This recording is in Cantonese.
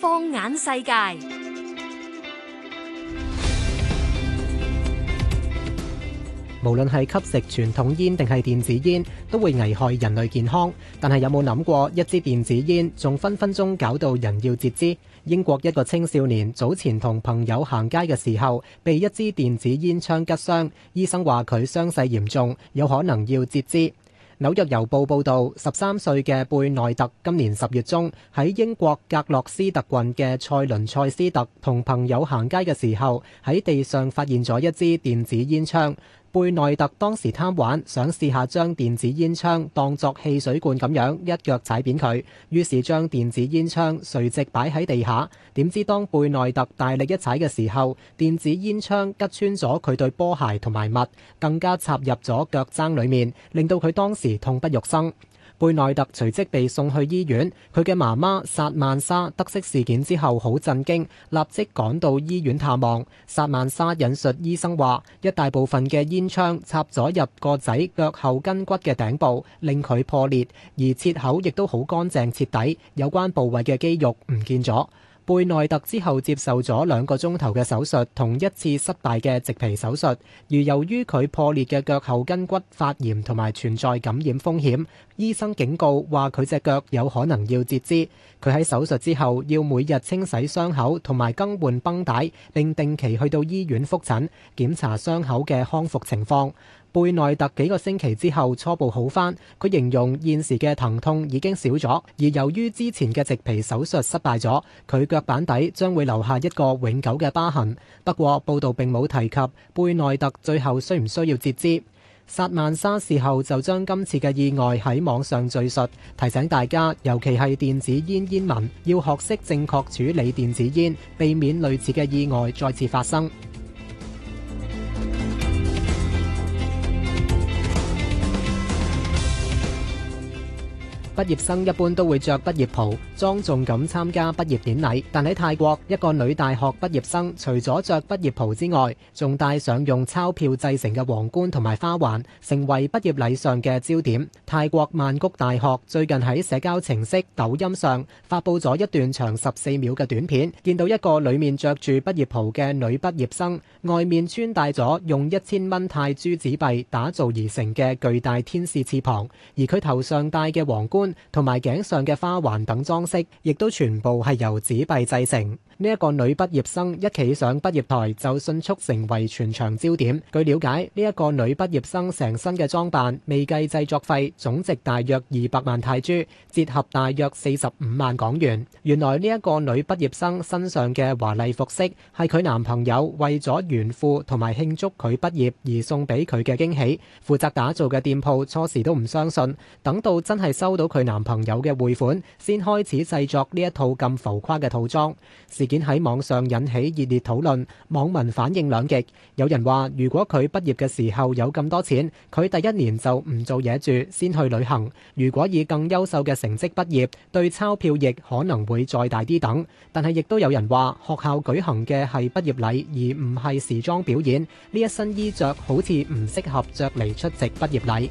放眼世界，無論係吸食傳統煙定係電子煙，都會危害人類健康。但係有冇諗過，一支電子煙仲分分鐘搞到人要截肢？英國一個青少年早前同朋友行街嘅時候，被一支電子煙槍拮傷，醫生話佢傷勢嚴重，有可能要截肢。紐約郵報報導，十三歲嘅貝內特今年十月中喺英國格洛斯特郡嘅塞倫塞斯特同朋友行街嘅時候，喺地上發現咗一支電子煙槍。貝內特當時貪玩，想試下將電子煙槍當作汽水罐咁樣一腳踩扁佢，於是將電子煙槍垂直擺喺地下。點知當貝內特大力一踩嘅時候，電子煙槍拮穿咗佢對波鞋同埋襪，更加插入咗腳踭裡面，令到佢當時痛不欲生。貝內特隨即被送去醫院，佢嘅媽媽薩曼莎得悉事件之後好震驚，立即趕到醫院探望。薩曼莎引述醫生話，一大部分嘅煙槍插咗入個仔腳後跟骨嘅頂部，令佢破裂，而切口亦都好乾淨徹底，有關部位嘅肌肉唔見咗。貝內特之後接受咗兩個鐘頭嘅手術同一次失敗嘅植皮手術，而由於佢破裂嘅腳後跟骨發炎同埋存在感染風險，醫生警告話佢隻腳有可能要截肢。佢喺手術之後要每日清洗傷口同埋更換繃帶，並定期去到醫院複診檢查傷口嘅康復情況。貝內特幾個星期之後初步好返，佢形容現時嘅疼痛已經少咗，而由於之前嘅植皮手術失敗咗，佢腳板底將會留下一個永久嘅疤痕。不過，報道並冇提及貝內特最後需唔需要截肢。薩曼莎事後就將今次嘅意外喺網上敘述，提醒大家，尤其係電子煙煙民要學識正確處理電子煙，避免類似嘅意外再次發生。畢業生一般都會着畢業袍，莊重咁參加畢業典禮。但喺泰國，一個女大學畢業生除咗着畢業袍之外，仲戴上用鈔票製成嘅皇冠同埋花環，成為畢業禮上嘅焦點。泰國曼谷大學最近喺社交程式抖音上發布咗一段長十四秒嘅短片，見到一個裏面着住畢業袍嘅女畢業生，外面穿戴咗用一千蚊泰銖紙幣打造而成嘅巨大天使翅膀，而佢頭上戴嘅皇冠，同埋頸上嘅花環等裝飾亦都全部係由紙幣製成。呢一個女畢業生一企上畢業台就迅速成為全場焦點。據了解，呢一個女畢業生成身嘅裝扮未計製作費，總值大約二百萬泰銖，折合大約四十五萬港元。原來呢一個女畢業生身上嘅華麗服飾係佢男朋友為咗炫富同埋慶祝佢畢業而送俾佢嘅驚喜。負責打造嘅店鋪初時都唔相信，等到真係收到佢男朋友嘅匯款，先開始製作呢一套咁浮誇嘅套裝。件喺網上引起熱烈討論，網民反應兩極。有人話如果佢畢業嘅時候有咁多錢，佢第一年就唔做嘢住，先去旅行。如果以更優秀嘅成績畢業，對鈔票翼可能會再大啲等。但係亦都有人話，學校舉行嘅係畢業禮，而唔係時裝表演。呢一身衣着好似唔適合着嚟出席畢業禮。